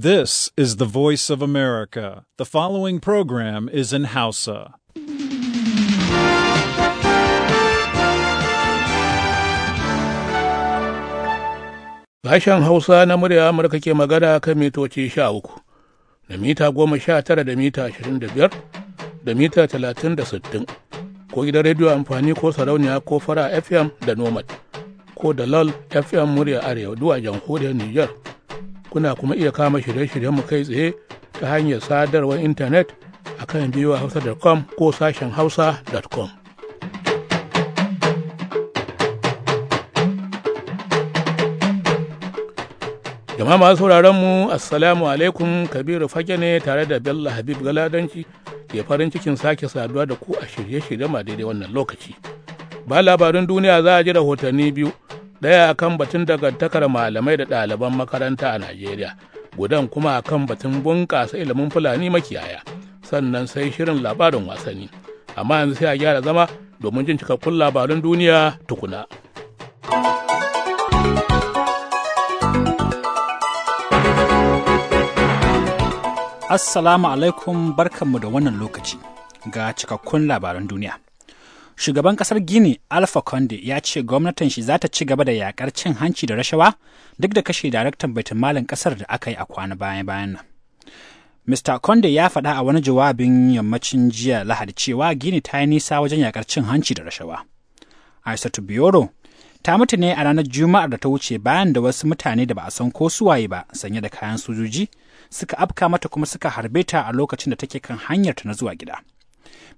This is the voice of America. The following program is in Hausa. Sashen Hausa na murya Amurka ke magana kan mitoci sha uku, da mita goma sha tara da mita ashirin da biyar, da mita talatin da sittin, ko gidan rediyo amfani ko sarauniya ko fara FM da Nomad, ko da LOL FM murya Arewa duwa jamhuriyar Nijar. kuna kuma iya kama shirye-shiryenmu kai tsaye ta hanyar sadarwar intanet a kan hausa.com ko sashen hausa.com. jama masu sauraron mu assalamu alaikum kabiru fage ne tare da bello habib galadanci ke farin cikin sake saduwa da ku a shirye-shirye ma daidai wannan lokaci ba labarin duniya za a ji rahotanni biyu ɗaya kan batun dagantakar malamai da ɗaliban makaranta a Najeriya, gudan kuma a kan batun bunƙasa ilimin Fulani makiyaya, sannan sai shirin labarin wasanni. Amma yanzu sai a gyara zama domin jin cikakkun labarun duniya tukuna. Assalamu alaikum barkanmu da wannan lokaci ga cikakkun labaran duniya. Shugaban kasar Gini Alpha Conde ya ce gwamnatin shi za ta ci gaba da yakar cin hanci da rashawa duk da kashe daraktan baitin malin kasar da aka yi a kwana bayan bayan nan. Mr. Conde ya faɗa a wani jawabin yammacin jiya Lahadi cewa Gini ta yi nisa wajen yakar cin hanci da rashawa. Aisatu Biyoro ta mutu ne a ranar Juma'ar da ta wuce bayan da wasu mutane da ba a san ko su waye ba sanye da kayan sojoji suka afka mata kuma suka harbe ta a lokacin da take kan hanyarta na zuwa gida.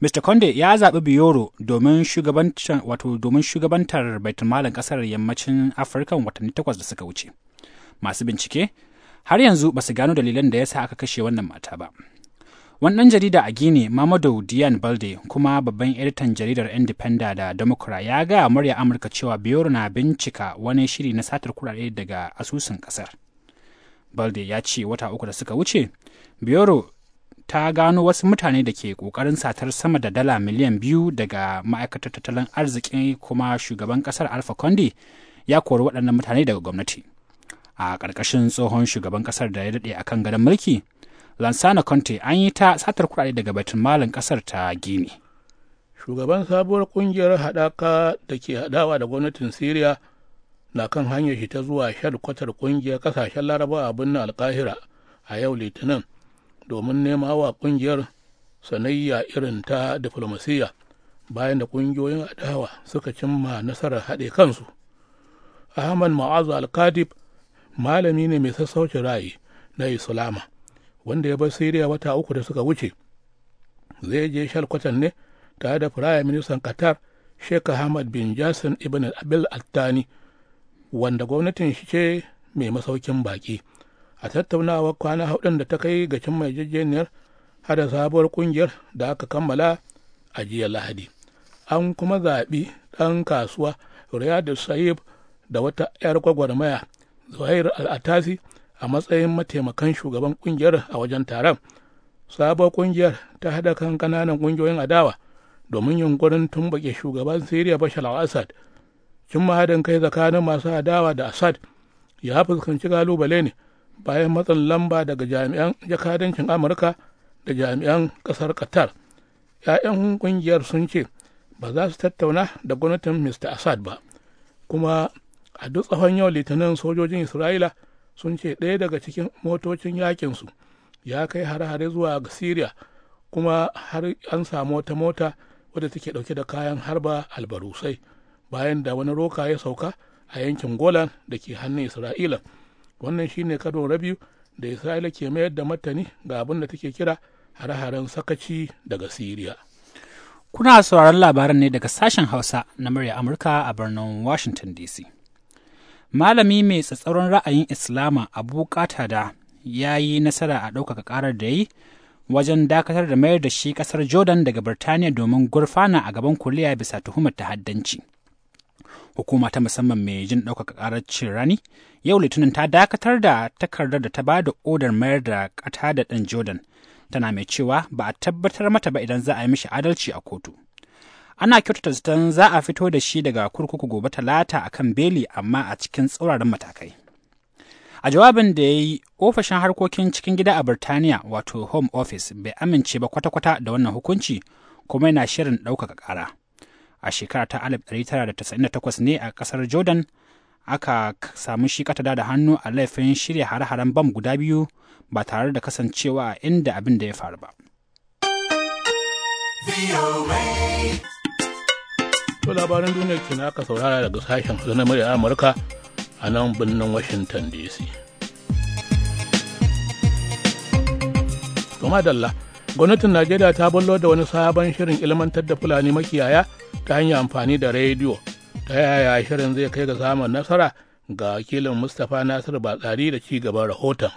Mr. Conde ya zaɓi Biyoro domin shugabantar wato domin shugabantar baitulmalin ƙasar yammacin Afirka watanni takwas da suka wuce. Masu bincike har yanzu ba su gano dalilan da ya sa aka kashe wannan mata ba. Wani jarida a Gini, Mamadou diane Balde, kuma babban editan jaridar Independa da Democrat ya gaya murya Amurka cewa Biyoro na bincika wani shiri na satar kurare daga asusun ƙasar. Balde ya ce wata uku da suka wuce, Biyoro ta gano wasu mutane da ke kokarin satar sama da dala miliyan biyu daga ma'aikatar tattalin arziki kuma shugaban kasar alfa conde ya kori waɗannan mutane daga gwamnati a ƙarƙashin tsohon shugaban ƙasar da ya daɗe a kan gadon mulki lansana conte an yi ta satar kuɗaɗe daga batun malin ƙasar ta gini shugaban sabuwar ƙungiyar haɗaka da ke haɗawa da gwamnatin syria na kan hanyar shi ta zuwa kwatar ƙungiyar ƙasashen larabawa a birnin alkahira a yau litinin domin nema wa ƙungiyar sanayya irin ta diflomasiyya bayan da ƙungiyoyin adawa suka cimma nasarar haɗe kansu ahmad ma'azu al-kadib malami ne mai sassauci ra'ayi na islama wanda ya bar siriya wata uku da suka wuce zai je shalkwatan ne tare da firayim ministan qatar sheikh ahmad bin jasin ibn abil attani wanda gwamnatin shi ce mai masaukin baki a tattaunawa kwana hudun da ta kai ga cin jajjeniyar hada sabuwar kungiyar da aka kammala a jiya lahadi an kuma zaɓi ɗan kasuwa riyadu sahib da wata 'yar gwagwarmaya zuhair atasi a matsayin mataimakan shugaban kungiyar a wajen taron sabuwar kungiyar ta haɗa kan ƙananan ƙungiyoyin adawa domin yunkurin tumbaƙe shugaban siriya bashar al-assad cin mahadin kai tsakanin masu adawa da assad ya fuskanci kalubale ne bayan matsin lamba daga jami'an jakadancin amurka da jami'an ƙasar qatar 'ya'yan ƙungiyar sun ce ba za su tattauna da gwamnatin mr assad ba kuma a duk tsawon yau litinin sojojin isra'ila sun ce ɗaya daga cikin motocin yakinsu ya kai har-hare zuwa ga syria kuma har an samu wata mota wadda take ɗauke da kayan harba albarusai bayan da wani roka ya sauka a yankin golan da ke hannun isra'ila wannan shine karo rabiu da isra'ila ke mayar da martani ga abin da take kira hare-haren sakaci daga siriya kuna sauraron labaran ne daga sashen hausa na murya amurka a birnin washington dc malami mai tsatsauran ra'ayin islama abu katada ya yi nasara a ɗaukaka ƙarar da yi wajen dakatar da mayar da shi ƙasar jordan daga birtaniya domin gurfana a gaban kuliya bisa tuhumar ta'addanci hukuma ta musamman mai jin ɗaukaka ƙarar cin rani yau litinin ta dakatar da takardar da ta ba da odar mayar da ƙata da ɗan jordan tana mai cewa ba a tabbatar mata ba idan za a yi mishi adalci a kotu ana kyautata zaton za a fito da shi daga kurkuku gobe talata a kan beli amma a cikin tsauraran matakai a jawabin da ya yi ofishin harkokin cikin gida a birtaniya wato home office bai amince ba kwata-kwata da wannan hukunci kuma yana shirin ɗaukaka ƙara a shekara ta 1998 ne a kasar jordan aka samu shi katada da hannu a laifin shirya hare-haren bam guda biyu ba tare da kasancewa a inda abin da ya faru ba. To labaran duniya ke aka saurara daga sashen hudu na murya Amurka a nan birnin Washington DC. Kuma dalla, gwamnatin Najeriya ta bullo da wani sabon shirin ilmantar da Fulani makiyaya ta hanyar amfani da rediyo ta yaya shirin zai kai ga samun nasara ga wakilin mustapha nasiru batsari da ci gaban rahoton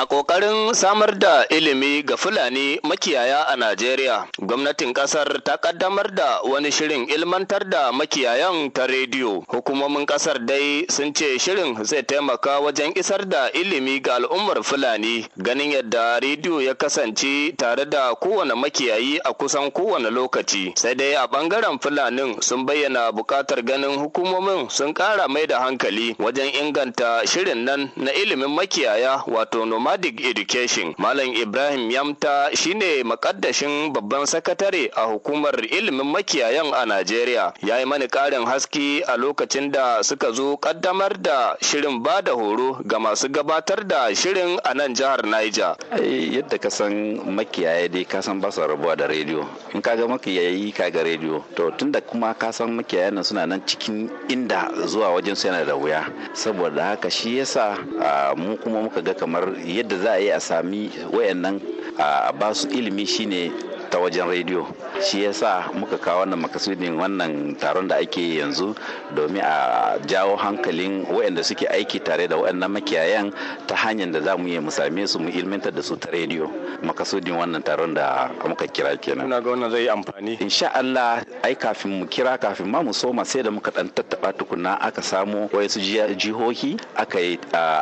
A ƙoƙarin samar da ilimi ga Fulani makiyaya a Najeriya, gwamnatin ƙasar ta ƙaddamar da wani shirin ilmantar da makiyayan ta rediyo. Hukumomin ƙasar dai sun ce shirin zai taimaka wajen isar da ilimi ga al'ummar Fulani, ganin yadda rediyo ya kasance tare da kowane makiyayi a kusan kowane lokaci. Sai dai a ɓangaren Fulanin sun bayyana buƙatar ganin hukumomin sun ƙara mai da hankali wajen inganta shirin nan na ilimin makiyaya wato noma nomadic education malam ibrahim yamta shine makaddashin babban sakatare a hukumar ilimin makiyayan a najeriya ya yi mani karin haski a lokacin da suka zo kaddamar da shirin ba da horo ga masu gabatar da shirin a nan jihar niger yadda ka san makiyaya dai ka san ba su rabuwa da rediyo in ka ga makiyayi ka ga rediyo to tunda kuma ka san makiyayan suna nan cikin inda zuwa wajen su yana da wuya saboda haka shi yasa ah, mu kuma muka ga kamar yadda za a yi a sami wayannan a basu su ilimi shine ta wajen rediyo shi yasa muka kawo wannan makasudin wannan taron da ake yanzu domin a jawo hankalin waɗanda suke aiki tare da waɗannan makiyayan ta hanyar da za mu yi mu same su mu ilmantar da su ta rediyo makasudin wannan taron da muka kira kenan ina ga wannan zai amfani insha Allah ai kafin mu kira kafin ma mu soma sai da muka dan tattaba tukuna aka samu su jihohi aka yi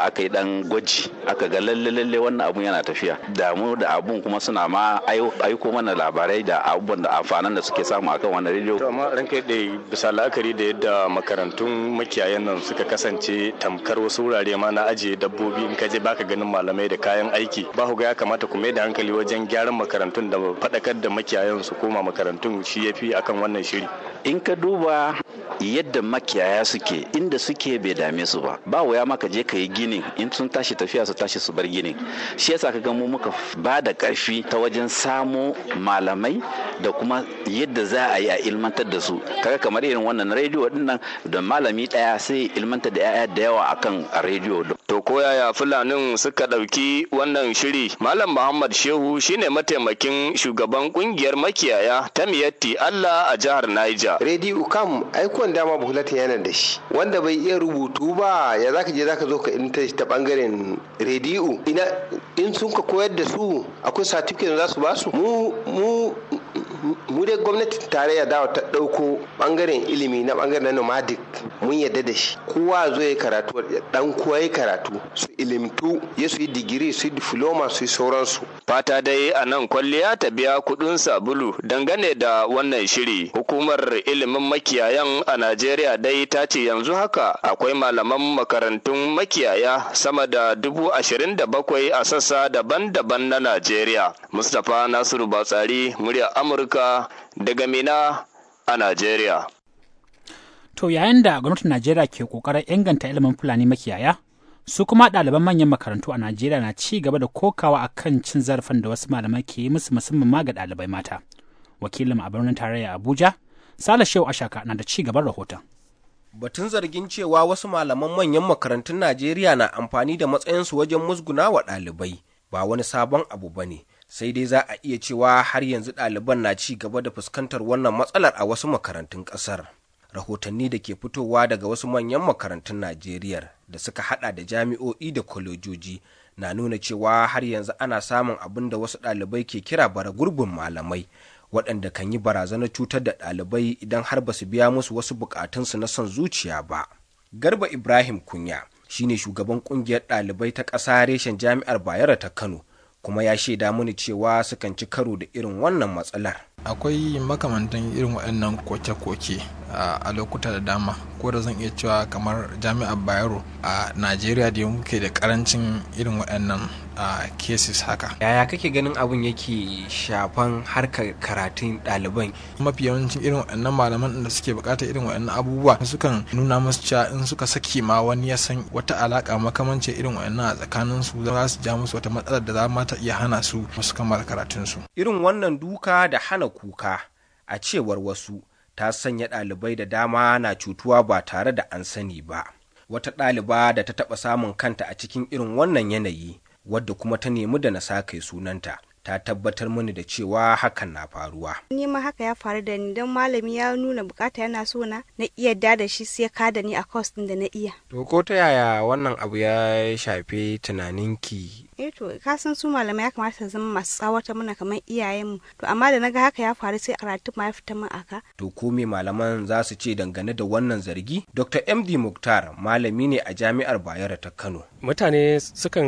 aka yi dan gwaji aka ga lalle lalle wannan abun yana tafiya damu da abun kuma suna ma aiko mana labarai da abubuwan da amfanin da suke samu akan wannan rediyo. To amma kai da bisa la'akari da yadda makarantun makiyayan nan suka kasance tamkar wasu wurare ma na ajiye dabbobi in ka je baka ganin malamai da kayan aiki ba ku ga ya kamata ku mai da hankali wajen gyaran makarantun da faɗakar da makiyayan su koma makarantun shi yafi akan wannan shiri. In ka duba yadda makiyaya suke inda suke bai dame su ba ba wuya ka je ka yi ginin in sun tashi tafiya su tashi su bar ginin shi yasa ka ga mu muka ba da karfi ta wajen samo malamai da kuma yadda za a yi a ilmantar da su kaga kamar irin wannan rediyo dinnan da malami daya sai ilmantar da 'ya'ya da yawa akan a rediyo To ko yaya Fulanin suka ɗauki wannan shiri? Malam Muhammad Shehu shine mataimakin shugaban kungiyar makiyaya ta Miyatti Allah a jihar Niger. Radio kam aikon dama buhulata yana da shi. Wanda bai iya rubutu ba ya zaka je zaka zo ka inta ta bangaren rediyo. Ina in sun ka koyar da su akwai certificate za su ba su? Mu mu mu dai gwamnatin tarayya dawa ta ɗauko ɓangaren ilimi na ɓangaren nomadic mun yadda da shi kowa zo ya karatu dan kowa ya karatu su ilimtu ya su yi digiri su yi diploma su yi sauransu fata dai a nan kwalliya ta biya kuɗin sabulu dangane da wannan shiri hukumar ilimin makiyayan a najeriya dai ta ce yanzu haka akwai malaman makarantun makiyaya sama da dubu ashirin da bakwai a sassa daban-daban na najeriya mustapha nasiru batsari murya amurka ƙauyuka daga Mina a Najeriya. To yayin da gwamnatin Najeriya ke kokarin inganta ilimin Fulani makiyaya, su kuma ɗaliban manyan makarantu a Najeriya na ci gaba da kokawa a kan cin zarafin da wasu malamai ke yi musu musamman ma ga ɗalibai mata. Wakilin a birnin tarayya Abuja, Sale Shehu Ashaka na da ci gaban rahoton. Batun zargin cewa wasu malaman manyan makarantun Najeriya na amfani da matsayinsu wajen musguna wa ɗalibai ba wani sabon abu ba ne. sai dai za a iya cewa har yanzu ɗaliban na ci gaba da fuskantar wannan matsalar a wasu makarantun ƙasar. Rahotanni da ke fitowa daga wasu manyan makarantun Najeriya da suka haɗa da jami'o'i da kwalejoji na nuna cewa har yanzu ana samun abin da wasu ɗalibai ke kira bara gurbin malamai waɗanda kan yi barazanar cutar da ɗalibai idan har ba su biya musu wasu buƙatunsu na son zuciya ba. Garba Ibrahim Kunya shine shugaban ƙungiyar ɗalibai ta ƙasa reshen jami'ar Bayero ta Kano kuma ya shaida mini cewa sukan ci karo da irin wannan matsalar akwai makamantan irin waɗannan koke-koke a lokuta da dama ko da zan iya cewa kamar jami'ar bayero a najeriya da muke da karancin irin waɗannan a cases haka yaya kake ganin abun yake shafan harkar karatun ɗaliban mafi yawancin irin waɗannan malaman da suke bukata irin waɗannan abubuwa sukan nuna musu cewa in suka saki ma wani ya san wata alaka makamancin irin waɗannan a tsakanin su za su ja musu wata matsalar da za ma ta iya hana su su kammala karatun su irin wannan duka da hana kuka a cewar wasu ta sanya ɗalibai da dama na cutuwa ba tare da an sani ba wata ɗaliba da ta taɓa samun kanta a cikin irin wannan yanayi wadda kuma ta nemi da na sake sunanta ta tabbatar mini da cewa hakan na faruwa. Ni ma haka ya faru da ni don malami ya nuna bukata yana so na na iya da da shi sai ka da ni a course din da na iya. To ko ta yaya wannan abu ya shafe tunaninki eh to ka san su malamai ya kamata su zama masu tsawata muna kamar iyayenmu to amma da naga haka ya faru sai karatu ma ya fita min aka to ko me malaman za su ce dangane da wannan zargi dr md muktar malami ne a jami'ar bayero ta kano mutane sukan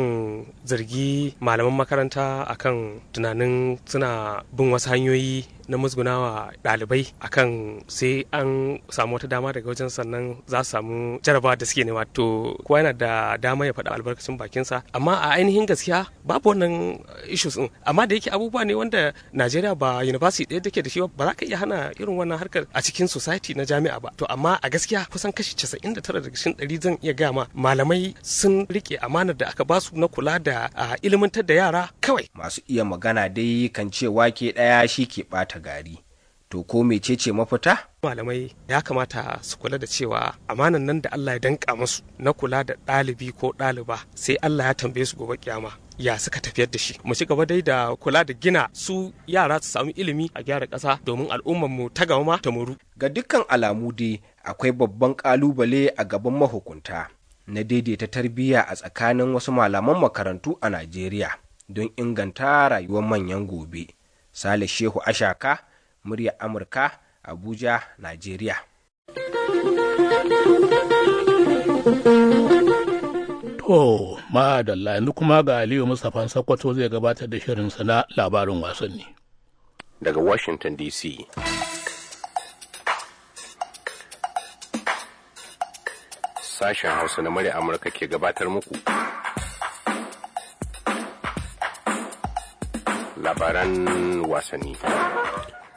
zargi malaman makaranta akan tunanin suna bin wasu hanyoyi na musgunawa ɗalibai akan sai an samu wata dama daga wajen sannan za su samu jarabawa da suke nema to kowa yana da dama ya faɗa albarkacin bakinsa amma a ainihin gaskiya babu wannan issues din amma da yake abubuwa ne wanda Najeriya ba university ɗaya take da shi ba za ka iya hana irin wannan harkar a cikin society na jami'a ba to amma a gaskiya kusan kashi 99 daga cikin ɗari zan iya gaya ma malamai sun rike amanar da aka basu na kula da ilimantar da yara kawai masu iya magana dai kan ce wake ɗaya shi ke ɓata gari to ko mecece mafita malamai ya kamata su kula da cewa amanan nan da Allah ya danka musu na kula da ɗalibi ko ɗaliba sai Allah ya tambaye su gobe kyama ya suka tafiyar da shi mu ci gaba dai da kula da gina su yara su samu ilimi a gyara ƙasa domin al'ummar mu ta gama ta muru ga dukkan alamu dai akwai babban kalubale a gaban mahukunta na daidaita tarbiyya a tsakanin wasu malaman makarantu a Najeriya don inganta rayuwar manyan gobe Sale Shehu Ashaka, murya Amurka, Abuja, Najeriya. To, madalla yanzu kuma ga Aliyu Mustapha Sakwato zai gabatar da shirinsa na labarin wasanni. Daga Washington DC. Sashen Hausa na murya Amurka ke gabatar muku. labaran wasanni.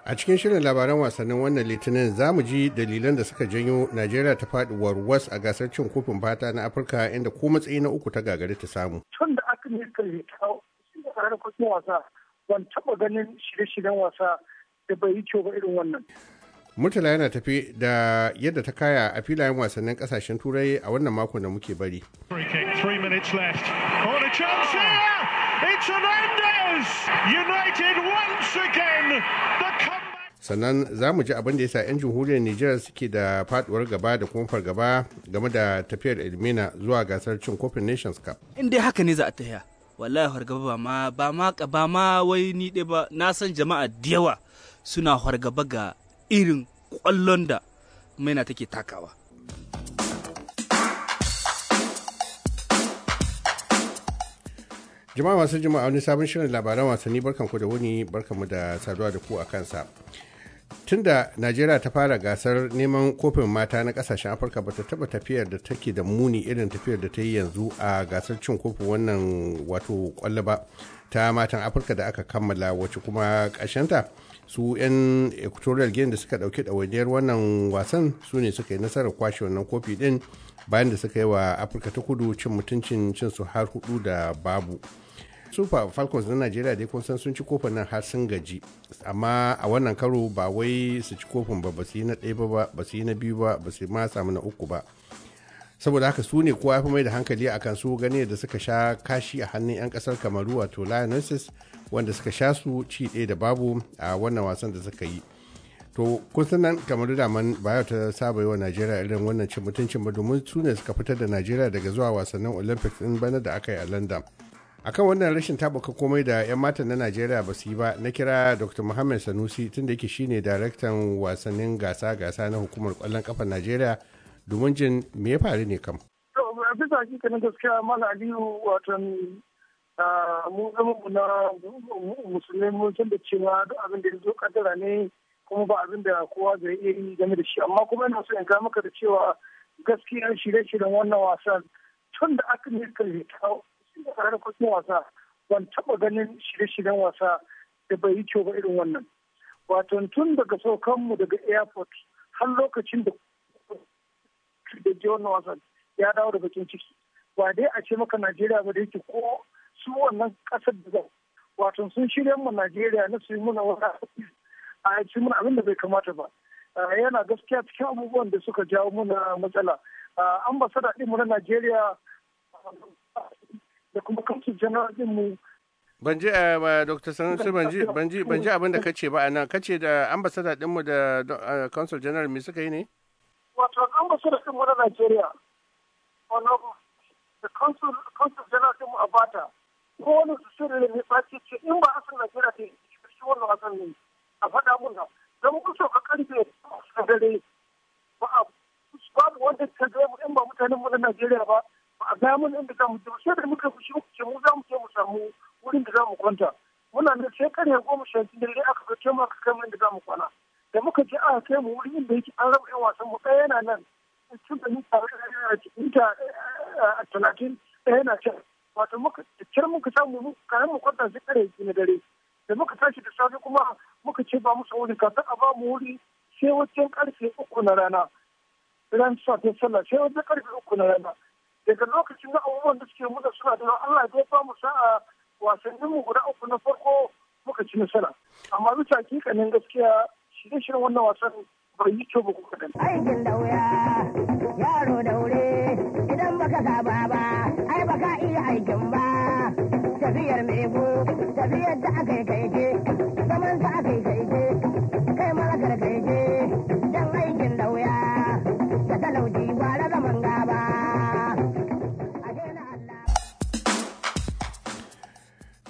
A cikin shirin labaran wasannin wannan litinin za mu ji dalilan da suka janyo Najeriya ta faɗi warwas a gasar cin kofin fata na Afirka inda ko matsayi na uku ta gagari ta samu. Tun da aka ne kai kawo harkokin wasa ban taɓa ganin shirye-shiryen wasa da bai yi kyau ba irin wannan. Murtala yana tafi da yadda ta kaya a filayen wasannin kasashen turai a wannan makon da muke bari. It's Hernandez! United once again the comeback. Sannan za mu ji abin da ya sa 'yan jamhuriyar Nijar suke da faduwar gaba da kuma fargaba game da tafiyar Elmina zuwa gasar cin kofin Nations Cup. In dai haka ne za a tafiya. Wallahi fargaba ba ma ba ma ba ma wai ni dai ba na san jama'a da yawa suna fargaba ga irin kwallon da maina take takawa. jama'a masu jama'a wani sabon shirin labaran wasanni barkanku da wuni mu da saduwa da ku a kansa tunda najeriya ta fara gasar neman kofin mata na kasashen afirka bata taba tafiyar da take da muni irin tafiyar da ta yi yanzu a gasar cin kofin wannan wato kwallo ba ta matan afirka da aka kammala wacce kuma ta su 'yan equatorial guinea da suka dauki ɗawainiyar wannan wasan su ne suka yi nasarar kwashe wannan kofi din bayan da suka yi wa afirka ta kudu cin mutuncin cin su har hudu da babu super falcons na najeriya dai kun san sun ci kofin nan har sun gaji amma a wannan karo ba wai su ci kofin ba ba su yi na ɗaya ba ba su yi na biyu ba ba su ma samu na uku ba saboda haka su ne kowa ya fi mai da hankali a kan su gani da suka sha kashi a hannun 'yan kasar kamaru wato lionesses wanda suka sha su ci ɗaya da babu a wannan wasan da suka yi to kun san nan kamaru da man baya ta saba yi wa najeriya irin wannan cin mutuncin ba domin su ne suka fitar da najeriya daga zuwa wasannin olympics ɗin bana da aka yi a london akan wannan rashin tabuka komai da 'yan matan na najeriya ba su yi ba na kira dr muhammad sanusi tunda yake shine daraktan wasannin gasa-gasa na hukumar kwallon kafar najeriya domin jin me ya faru ne kam bisa hakikanin mu na musulmi mun da cewa duk abin da ya zo kaddara ne kuma ba abin da kowa zai iya yi game da shi amma kuma yana so in ka maka da cewa gaskiya shirye-shiryen wannan wasan tun da aka ne ka cikin da wasa ban taɓa ganin shirye-shiryen wasa da bai yi kyau ba irin wannan wato tun daga saukanmu daga airport har lokacin da da ji wannan wasan ya dawo da bakin ciki ba dai a ce maka najeriya ba da yake ko su wannan kasar da zai wato sun shirya mu najeriya na su yi muna wasa a ci muna abin da bai kamata ba yana gaskiya cikin abubuwan da suka jawo muna matsala ambasada ɗin mu na najeriya da kuma kansu janar mu ban ji eh, dr sanusi ban ji abin da ka ce ba a nan ka ce da ambasada dinmu da eh, consul general me suka yi ne wato ambasada dinmu na nigeria da consul general dinmu a bata ko wani su shirin ne faci ce in ba asin nigeria ta yi shi wannan wasan ne a faɗa mun nan don mun so ka karfe su dare ba babu wanda ta ga in ba mutanen mu na nigeria ba a gaya mun inda za mu je sai da muka fushi muka ce mu za mu je mu samu wurin da za mu kwanta muna nan sai karya goma sha biyu dare aka ga cewa aka kai mu inda za mu kwana da muka je aka kai mu wurin inda yake an raba yan wasan mu ɗaya yana nan tun da mita mita eh, talatin ɗaya yana can wato muka cikin muka samu kayan mu kwanta sai karya biyu na dare da muka tashi da safe kuma muka ce ba musu wuri kafin a ba mu wuri sai wajen karfe uku na rana ran sa ta sallah sai wajen karfe uku na rana daga lokacin da abubuwan da suke muda suna da Allah ya ba mu sa'a wasannin mu guda uku na farko muka ci nasara amma bisa ne gaskiya shirye-shiryen wannan wasan bai yi kyau ba ku kadan. Aikin da wuya yaro daure idan baka saba ba ai baka iya aikin ba tafiyar mai tafiyar da aka yi kaike zaman ta aka yi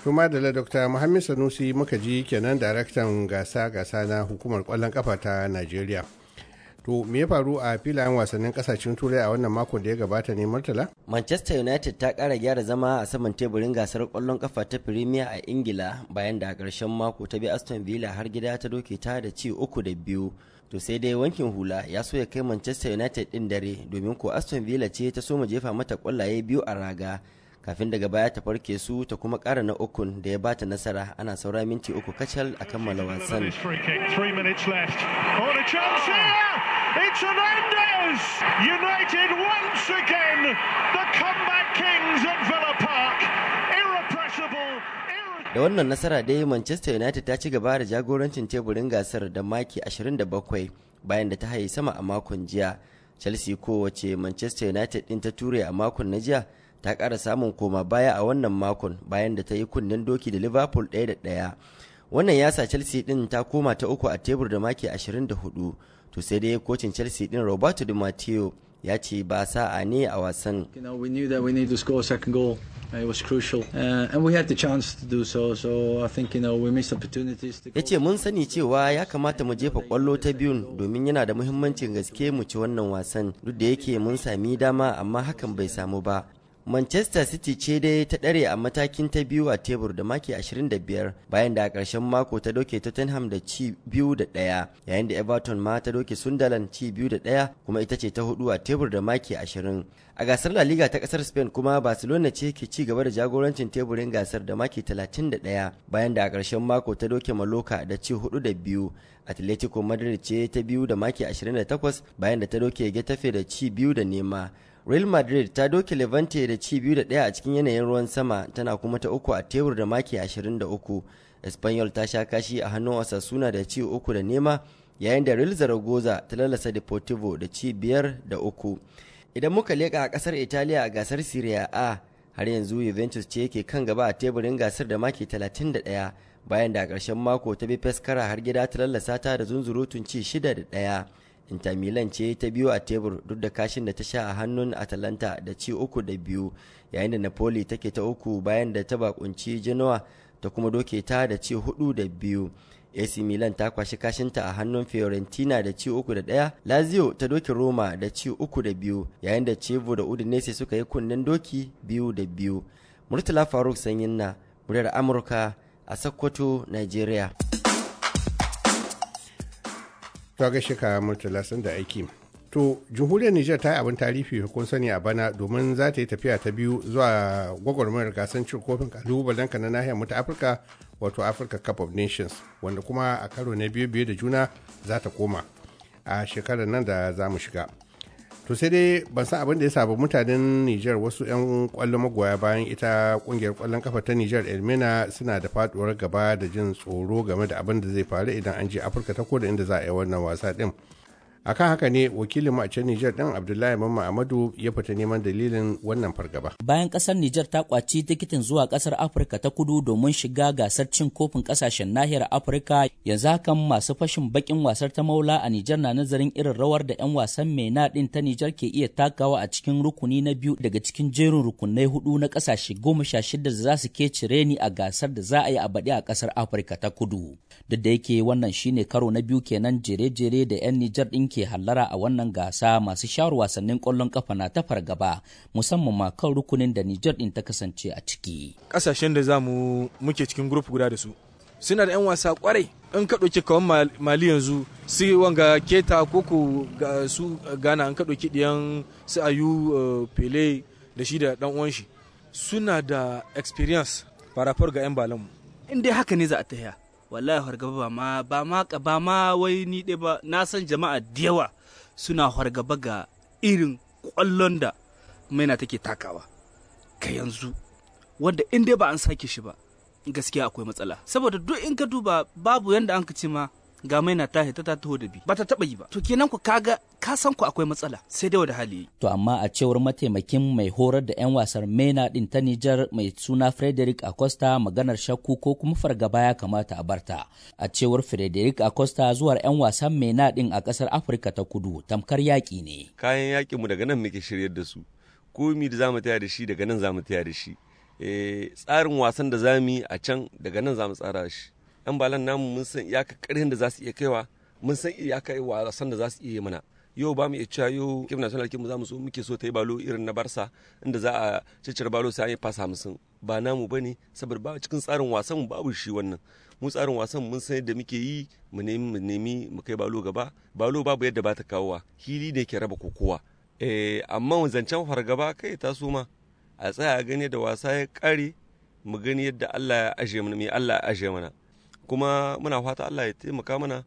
kuma da dr muhammad sanusi muka ji kenan daraktan gasa gasa na hukumar kwallon kafa ta nigeria to me ya faru a filayen wasannin kasashen turai a wannan makon da ya gabata ne murtala manchester united ta kara gyara zama a saman teburin gasar kwallon kafa ta premier a ingila bayan da a karshen mako ta bi aston villa har gida ta doke ta da ci uku da biyu to sai dai wankin hula ya so ya kai manchester united din dare domin ko aston villa ce ta so mu jefa mata kwallaye biyu a raga kafin daga baya ta farke su ta kuma kara na ukun da ya bata nasara ana saura minti uku kacal a kammala wasan. Da wannan nasara dai Manchester United ta ci gaba da jagorancin teburin gasar da maki 27 bayan da ta haye sama a makon jiya. Chelsea kowace Manchester United ɗin ta ture a makon na jiya ta ƙara samun koma baya a wannan makon bayan da ta yi kunnen doki da liverpool ɗaya da ɗaya wannan yasa sa chelsea ɗin ta koma ta uku a tebur da maki 24 to sai dai kocin chelsea ɗin roberto di matteo ya ce ba sa'a ne a wasan ya ce mun sani cewa ya kamata mu jefa kwallo ta biyun domin yana da muhimmancin gaske mu ci wannan wasan duk da yake mun sami dama amma hakan bai samu ba Manchester City ce dai ta ɗare a matakin ta biyu a tebur da maki 25 bayan da a ƙarshen mako ta doke Tottenham da ci biyu da ɗaya yayin da Everton ma ta doke Sunderland ci biyu da ɗaya kuma ita ce ta hudu a tebur da maki 20. A gasar La Liga ta ƙasar Spain kuma Barcelona ce ke ci gaba da jagorancin teburin gasar da maki 31 bayan da a ƙarshen mako ta doke Maloka da ci hudu da biyu. Atletico Madrid ce ta biyu da maki 28 bayan da ta doke Getafe da ci biyu da nema. Real Madrid ta doke Levante da ci biyu da ɗaya a cikin yanayin ruwan sama tana kuma ta uku a tebur da maki 23. Espanyol ta sha kashi a hannun Osasuna da ci uku da nema yayin da Real Zaragoza ta lalasa Deportivo da ci biyar da uku. Idan muka leƙa a ƙasar Italiya a gasar Serie A har yanzu Juventus ce yake kan gaba a teburin gasar da maki 31 bayan da a ƙarshen mako ta bi feskara har gida ta lallasa ta da zunzurutun ci shida da ɗaya. inter milan ce ta biyu a tebur duk da kashin da ta sha a hannun atalanta da ci uku da biyu yayin da napoli take ta uku bayan da ta bakunci genoa ta kuma doke ta da ci hudu da biyu AC Milan ta kwashi kashinta a hannun Fiorentina da ci uku da ɗaya, Lazio ta doki Roma da ci uku da biyu, yayin da Cevo da Udinese suka yi kunnen doki biyu da biyu. Murtala Faruk Sanyin na, muryar Amurka a Sokoto, Nigeria. ta gaishe ka murtala sun da aiki to jihuriyar niger ta yi abin tarifi kun sani a bana domin za ta yi tafiya ta biyu zuwa gwagwarmayar gasar cin kofin kalubalen ka na nahiyar mutu afirka wato africa cup of nations wanda kuma a karo na biyu biyu da juna za ta koma a shekarar nan da za mu shiga to sai dai ban san abin da ya sabu mutanen niger wasu 'yan kwallon magoya bayan ita kungiyar kwallon kafa ta Nijar Elmina suna da faduwar gaba da jin tsoro game da abin da zai faru idan an je Afirka ta koda inda za a yi wannan wasa din. akan haka ne wakilin a can Nijar ɗan Abdullahi Mamma Amadu ya fita neman dalilin wannan fargaba. Bayan ƙasar Nijar ta kwaci tikitin zuwa ƙasar Afirka ta kudu domin shiga gasar cin kofin ƙasashen nahiyar Afirka yanzu hakan masu fashin bakin wasar ta maula a Nijar na nazarin irin rawar da 'yan wasan mai naɗin ta Nijar ke iya takawa a cikin rukuni na biyu daga cikin jerin rukunai hudu na ƙasashe goma sha shida da za su ke cire ni a gasar da za a yi a baɗi a ƙasar Afirka ta kudu. Duk da yake wannan shine karo na biyu kenan jere-jere da 'yan Nijar ɗin ke hallara a wannan gasa masu shawar wasannin kwallon kafa na ta fargaba musamman ma kan rukunin da Nijar din ta kasance a ciki. kasashen da za mu muke cikin grup guda da su suna da 'yan wasa kwarai in ka ɗauki kawan mali yanzu su wanga keta koko ga su gana in ka ɗauki ɗiyan su ayu eh, pele da shi da ɗan uwan shi suna da experience farafar ga 'yan mu in dai haka ne za a tahiya wallahi hargaba ba ma ba ma ba ma wai ni dai ba na san jama'a da yawa suna hargaba ga irin kwallon da maina take takawa ka yanzu wanda in dai ba an sake shi ba gaskiya akwai matsala saboda duk in ka duba babu yanda an ka ce ma ga mai na tahi ta ta taho da bi ba ta taba yi ba to kenan ku kaga ka san ku akwai matsala sai dai da hali to amma a cewar mataimakin mai horar da yan wasar mena din ta Nijar mai suna Frederick Acosta maganar shakku ko kuma fargaba ya kamata a barta a cewar Frederick Acosta zuwar yan wasan mena din a kasar Afirka ta Kudu tamkar yaki ne kayan yaki mu daga nan muke shiryar da su komi da zamu taya da shi daga nan zamu taya da shi eh, tsarin wasan da zamu yi a can daga nan zamu tsara shi yan balan namu mun san iyaka ƙarhin da za su iya kaiwa mun san iyaka wasan da za su iya mana yau ba mu iya cewa yau kim national kim za mu so muke so ta yi balo irin na barsa inda za a ciccire balo sai an yi fasa hamsin ba namu ne saboda ba cikin tsarin wasan mu babu shi wannan mu tsarin wasan mun san yadda muke yi mu nemi mu nemi mu kai balo gaba balo babu yadda ba ta kawowa hili ne ke raba kokowa eh amma zancen fargaba kai ta suma a tsaya gani da wasa ya kare mu gani yadda Allah ya aje mana mai Allah ya aje mana kuma muna fata Allah ya taimaka mana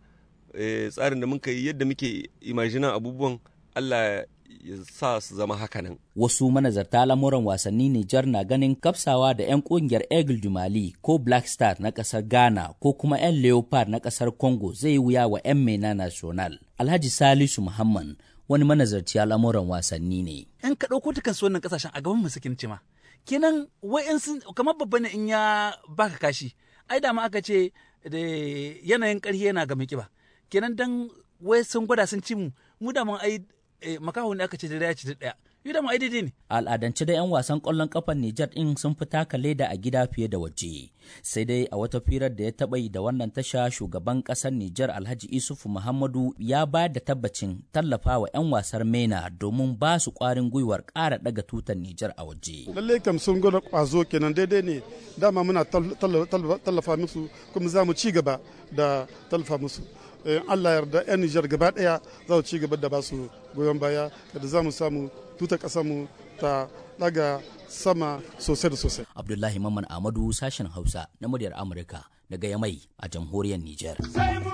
eh, tsarin da muka yi yadda muke imajinan abubuwan Allah ya sa su zama hakanan. Wasu manazarta lamuran wasanni Nijar na ganin kafsawa da 'yan kungiyar Eagle Jumali ko Black Star na kasar Ghana ko kuma 'yan Leopard na kasar Congo zai wuya wa 'yan Mena National. Alhaji Salisu Muhammad wani manazarci lamuran wasanni ne. 'Yan ka ɗauko ta wannan ƙasashen a gaban masakin ma Kenan wa'yansu kamar babba ne in ya baka kashi. Ai da ma aka ce yanayin ƙarfi yana ga kiba kenan dan wai sun gwada sun ci mu mu da mun ai eh, makaho ne aka ce da ya ci daya Ida mu aididi ne. Al'adance da 'yan wasan ƙwallon ƙafan Nijar ɗin sun fi taka leda a gida fiye da waje. Sai dai a wata firar da ya taɓa yi da wannan tasha shugaban ƙasar Nijar Alhaji Isufu Muhammadu ya ba da tabbacin tallafawa 'yan wasar MENA domin ba su ƙwarin gwiwar ƙara ɗaga tutar Nijar a waje. Lalle kam sun gona ƙwazo kenan daidai ne dama muna tallafa musu kuma za mu ci gaba da tallafa musu. Eh, Allah yarda 'yan Nijar gaba ɗaya za ci gaba da ba su goyon baya da za mu samu tuta mu ta daga sama sosai da sosai. Abdullahi Mamman Amadu sashen Hausa na muryar Amurka daga Yamai a jamhuriyar Nijar. Sai mu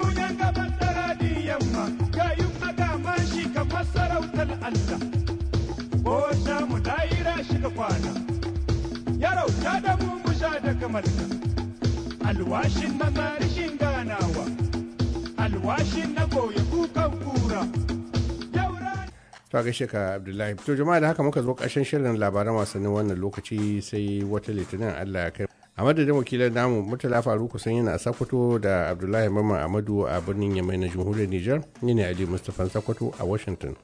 yamma ga yi magama shi ka fasarautar Allah. Ko ta mu daira shi ka kwana. Yarau ta da mu mu sha da kamalka. Alwashin na marishin ganawa. Alwashin na goyi kukan kura. ta gaishe ka abdullahi to jama'a da haka muka zo ƙarshen shirin labaran wasannin wannan lokaci sai wata litinin allah ya kai a madadin wakilan namu murtala faruku sun yana sakwato da abdullahi mamman amadu a birnin yamai na jamhuriyar niger ni ne ali mustapha sakwato a washington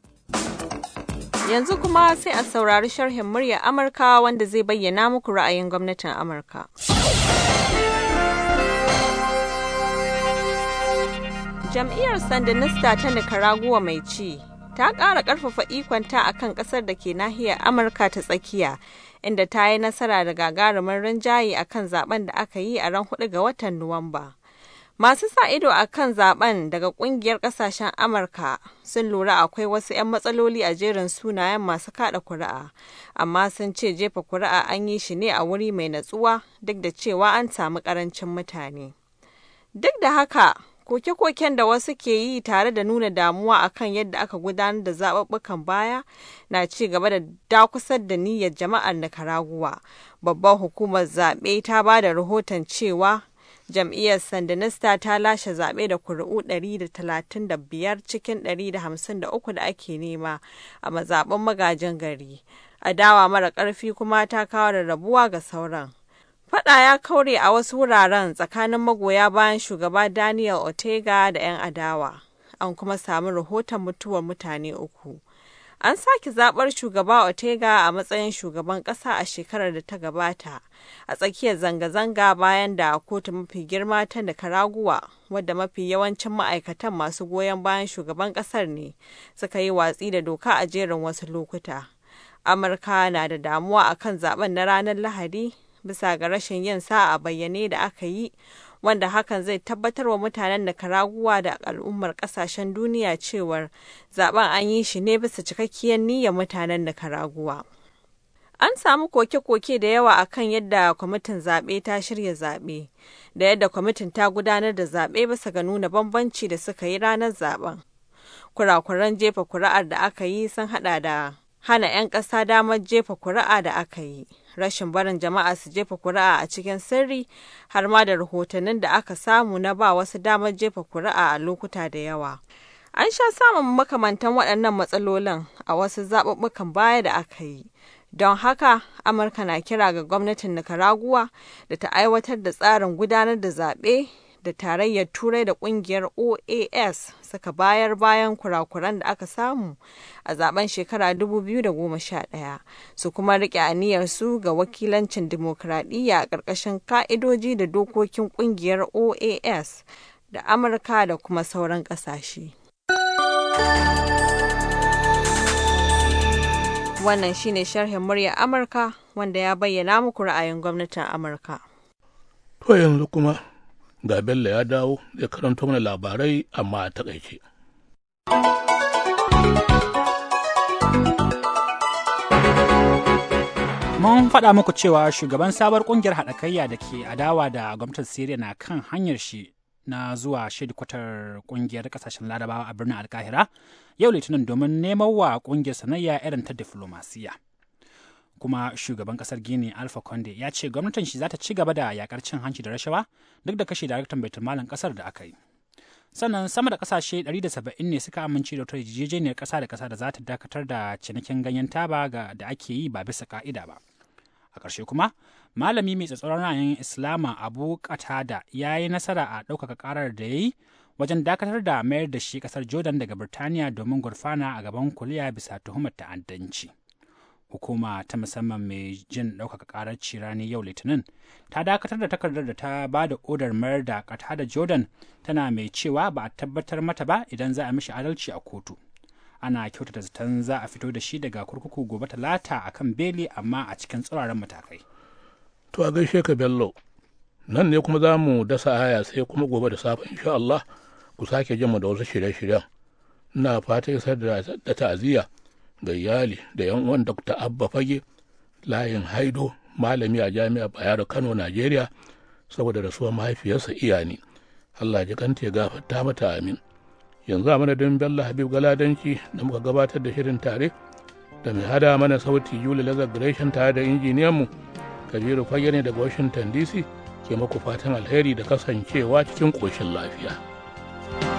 yanzu kuma sai a saurari sharhin murya amurka wanda zai bayyana muku ra'ayin gwamnatin amurka jam'iyyar sandinista ta nicaragua mai ci ta ƙara ƙarfafa ikonta a kan ƙasar da ke nahiyar Amurka ta tsakiya, inda ta yi nasara da gagarumin rinjaye a kan zaben da aka yi a ran 4 ga watan Nuwamba. Masu sa ido a kan zaben daga ƙungiyar ƙasashen Amurka sun lura akwai wasu 'yan matsaloli a jerin sunayen masu kaɗa kuri'a, amma sun ce jefa kuri'a an yi shi ne a wuri mai natsuwa duk da cewa an samu ƙarancin mutane. Duk da haka, Koke-koken da wasu ke yi tare da nuna damuwa a kan yadda aka gudanar da zaɓaɓɓukan baya na ci gaba da dakusar da niyyar jama'ar Nicaragua. Babbar hukumar zaɓe ta ba da rahoton cewa jam'iyyar Sandinista ta lashe zaɓe da kuri'u 135 cikin 153 da ake nema a mazaɓin magajin gari. Adawa mara ƙarfi kuma ta kawo rabuwa ga sauran. Faɗa ya kaure a wasu wuraren tsakanin magoya bayan shugaba Daniel Ortega da 'yan adawa, an kuma sami rahoton mutuwar mutane uku. An sake zaɓar shugaba Ortega a matsayin shugaban ƙasa a shekarar da ta gabata a tsakiyar zanga-zanga bayan da kotu mafi girma ta Nicaragua, wadda mafi yawancin ma'aikatan masu goyon bayan shugaban ƙasar ne, suka yi watsi da doka a jerin wasu lokuta. Amurka na da damuwa a kan zaɓen na ranar Lahadi bisa ga rashin yin sa a bayyane da aka yi wanda hakan zai tabbatar wa mutanen da karaguwa da al'ummar kasashen duniya cewar zaben an yi shi ne bisa cikakkiyar niyyar mutanen da karaguwa An samu koke-koke da yawa akan yadda kwamitin zaɓe ta shirya zaɓe da yadda kwamitin ta gudanar da zaɓe bisa ga nuna bambanci da suka yi ranar zaɓen Kurakuran jefa kuri'ar da aka yi sun haɗa da hana 'yan ƙasa damar jefa kuri'a da aka yi, rashin barin jama'a su jefa kuri'a a cikin sirri, har ma da rahotannin da aka samu na ba wasu damar jefa kuri'a a lokuta da yawa. An sha samun makamantan waɗannan matsalolin a wasu zaɓuɓɓukan baya da aka yi. Don haka, Amurka na kira ga gwamnatin Nicaragua da ta aiwatar da tsarin gudanar da zaɓe da tarayyar turai da ƙungiyar oas suka bayar bayan kurakuran da aka samu a zaben shekara 2011 su kuma rike aniyarsu ga wakilancin dimokuraɗiyya a ƙarƙashin ka'idoji da dokokin ƙungiyar oas da amurka da kuma sauran ƙasashe. Wannan shine sharhin muryar Amurka wanda ya bayyana muku ra'ayin gwamnatin Amurka. To yanzu kuma ga bello ya dawo ya karanto mana labarai amma a takaice. Mun faɗa muku cewa shugaban sabar ƙungiyar haɗakayya da ke adawa da gwamnatin Siriya na kan hanyar shi na zuwa kwatar ƙungiyar ƙasashen larabawa a birnin alkahira yau litinin domin neman wa ƙungiyar sanayya irin ta diflomasiya. kuma shugaban kasar gini alfa conde ya ce gwamnatin shi za ta ci gaba da yakar cin hanci da rashawa duk da kashe daraktan baitulmalin kasar da aka yi sannan sama da kasashe 170 ne suka amince da wata yarjejeniyar kasa da kasa da za ta dakatar da cinikin ganyen taba da ake yi ba bisa ka'ida ba a ƙarshe kuma malami mai tsatsauran ra'ayin islama abu katada ya yi nasara a ɗaukaka ƙarar da ya yi wajen dakatar da mayar da shi kasar jordan daga birtaniya domin gurfana a gaban kuliya bisa tuhumar ta'addanci hukuma ta musamman mai jin ɗaukaka ƙarar rani yau litinin ta dakatar da takardar da ta ba da odar mayar da ƙata da jordan tana mai cewa ba a tabbatar mata ba idan za a mishi adalci a kotu ana kyautata zaton za a fito da shi daga kurkuku gobe talata a kan beli amma a cikin tsuraren matakai to a gaishe ka bello nan ne kuma za mu dasa aya sai kuma gobe da safe insha Allah ku sake jin mu da wasu shirye-shiryen ina fata isar da ta'aziyya da iyali da yan uwan dr abba fage layin haido malami a jami'ar bayero kano najeriya saboda rasuwar mahaifiyarsa iyani allah ji kanta ya gafarta mata amin yanzu a madadin bello habib galadanci da muka gabatar da shirin tare da mai hada mana sauti yuli Laza, gresham tare da injiniyanmu kabiru fage ne daga washington dc ke maku fatan alheri da kasancewa cikin koshin lafiya. thank you